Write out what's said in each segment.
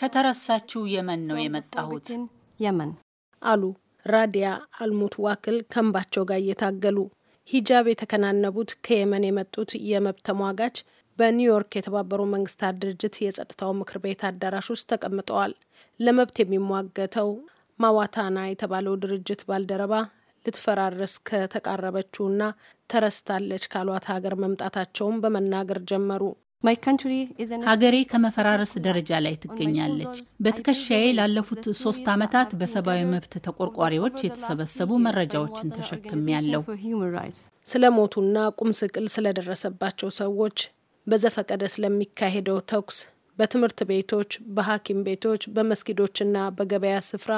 ከተረሳችው የመን ነው የመጣሁት የመን አሉ ራዲያ ዋክል ከንባቸው ጋር እየታገሉ። ሂጃብ የተከናነቡት ከየመን የመጡት የመብት ተሟጋች በኒውዮርክ የተባበሩ መንግስታት ድርጅት የጸጥታው ምክር ቤት አዳራሽ ውስጥ ተቀምጠዋል። ለመብት የሚሟገተው ማዋታና የተባለው ድርጅት ባልደረባ ልትፈራረስ ከተቃረበችውና ተረስታለች ካሏት ሀገር መምጣታቸውን በመናገር ጀመሩ። ሀገሬ ከመፈራረስ ደረጃ ላይ ትገኛለች። በትከሻዬ ላለፉት ሶስት ዓመታት በሰብአዊ መብት ተቆርቋሪዎች የተሰበሰቡ መረጃዎችን ተሸክሜያለሁ። ስለ ሞቱና ቁምስቅል ስለደረሰባቸው ሰዎች፣ በዘፈቀደ ስለሚካሄደው ተኩስ በትምህርት ቤቶች፣ በሐኪም ቤቶች፣ በመስጊዶችና በገበያ ስፍራ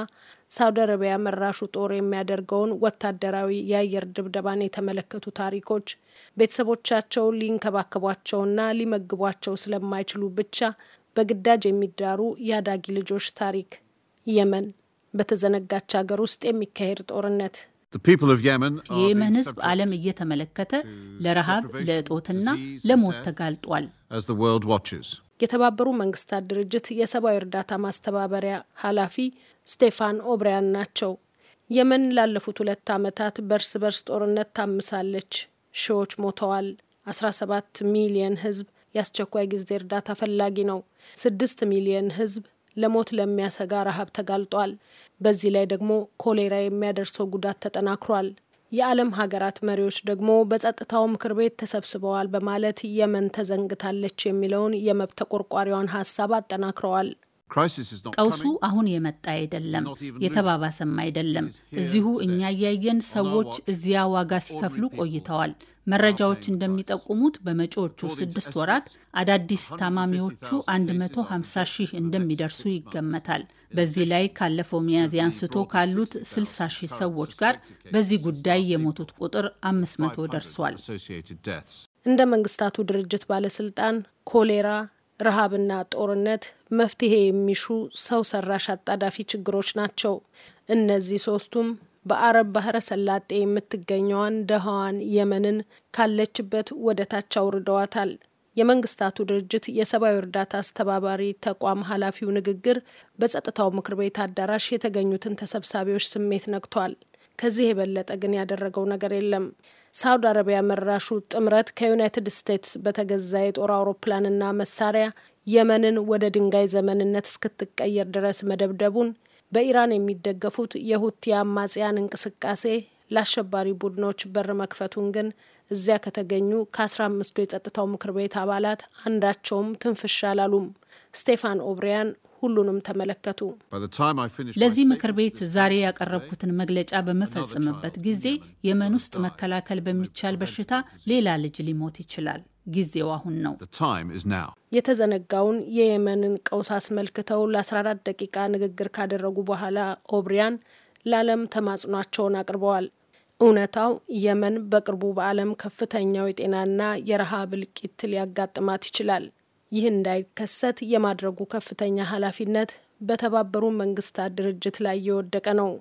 ሳውዲ አረቢያ መራሹ ጦር የሚያደርገውን ወታደራዊ የአየር ድብደባን የተመለከቱ ታሪኮች ቤተሰቦቻቸው ሊንከባከቧቸውና ሊመግቧቸው ስለማይችሉ ብቻ በግዳጅ የሚዳሩ የአዳጊ ልጆች ታሪክ። የመን በተዘነጋች ሀገር ውስጥ የሚካሄድ ጦርነት። የየመን ሕዝብ ዓለም እየተመለከተ ለረሃብ ለእጦትና ለሞት ተጋልጧል። የተባበሩ መንግስታት ድርጅት የሰብአዊ እርዳታ ማስተባበሪያ ኃላፊ ስቴፋን ኦብሪያን ናቸው። የመን ላለፉት ሁለት ዓመታት በእርስ በርስ ጦርነት ታምሳለች። ሺዎች ሞተዋል። 17 ሚሊየን ህዝብ የአስቸኳይ ጊዜ እርዳታ ፈላጊ ነው። 6 ሚሊየን ህዝብ ለሞት ለሚያሰጋ ረሃብ ተጋልጧል። በዚህ ላይ ደግሞ ኮሌራ የሚያደርሰው ጉዳት ተጠናክሯል። የዓለም ሀገራት መሪዎች ደግሞ በጸጥታው ምክር ቤት ተሰብስበዋል በማለት የመን ተዘንግታለች የሚለውን የመብት ተቆርቋሪዋን ሀሳብ አጠናክረዋል። ቀውሱ አሁን የመጣ አይደለም፣ የተባባሰም አይደለም። እዚሁ እኛ እያየን ሰዎች እዚያ ዋጋ ሲከፍሉ ቆይተዋል። መረጃዎች እንደሚጠቁሙት በመጪዎቹ ስድስት ወራት አዳዲስ ታማሚዎቹ 150 ሺህ እንደሚደርሱ ይገመታል። በዚህ ላይ ካለፈው ሚያዝያ አንስቶ ካሉት 60 ሺህ ሰዎች ጋር በዚህ ጉዳይ የሞቱት ቁጥር 500 ደርሷል። እንደ መንግስታቱ ድርጅት ባለስልጣን ኮሌራ ረሃብና ጦርነት መፍትሄ የሚሹ ሰው ሰራሽ አጣዳፊ ችግሮች ናቸው። እነዚህ ሶስቱም በአረብ ባህረ ሰላጤ የምትገኘዋን ደሃዋን የመንን ካለችበት ወደ ታች አውርደዋታል። የመንግስታቱ ድርጅት የሰብአዊ እርዳታ አስተባባሪ ተቋም ኃላፊው ንግግር በጸጥታው ምክር ቤት አዳራሽ የተገኙትን ተሰብሳቢዎች ስሜት ነክቷል። ከዚህ የበለጠ ግን ያደረገው ነገር የለም። ሳውዲ አረቢያ መራሹ ጥምረት ከዩናይትድ ስቴትስ በተገዛ የጦር አውሮፕላንና መሳሪያ የመንን ወደ ድንጋይ ዘመንነት እስክትቀየር ድረስ መደብደቡን በኢራን የሚደገፉት የሁቲ አማጽያን እንቅስቃሴ ለአሸባሪ ቡድኖች በር መክፈቱን ግን እዚያ ከተገኙ ከአስራ አምስቱ የጸጥታው ምክር ቤት አባላት አንዳቸውም ትንፍሽ አላሉም። ስቴፋን ኦብሪያን ሁሉንም ተመለከቱ። ለዚህ ምክር ቤት ዛሬ ያቀረብኩትን መግለጫ በመፈጽምበት ጊዜ የመን ውስጥ መከላከል በሚቻል በሽታ ሌላ ልጅ ሊሞት ይችላል። ጊዜው አሁን ነው። የተዘነጋውን የየመንን ቀውስ አስመልክተው ለ14 ደቂቃ ንግግር ካደረጉ በኋላ ኦብሪያን ለዓለም ተማጽኗቸውን አቅርበዋል። እውነታው የመን በቅርቡ በዓለም ከፍተኛው የጤናና የረሃብ እልቂት ሊያጋጥማት ይችላል። ይህ እንዳይከሰት የማድረጉ ከፍተኛ ኃላፊነት በተባበሩ መንግስታት ድርጅት ላይ የወደቀ ነው።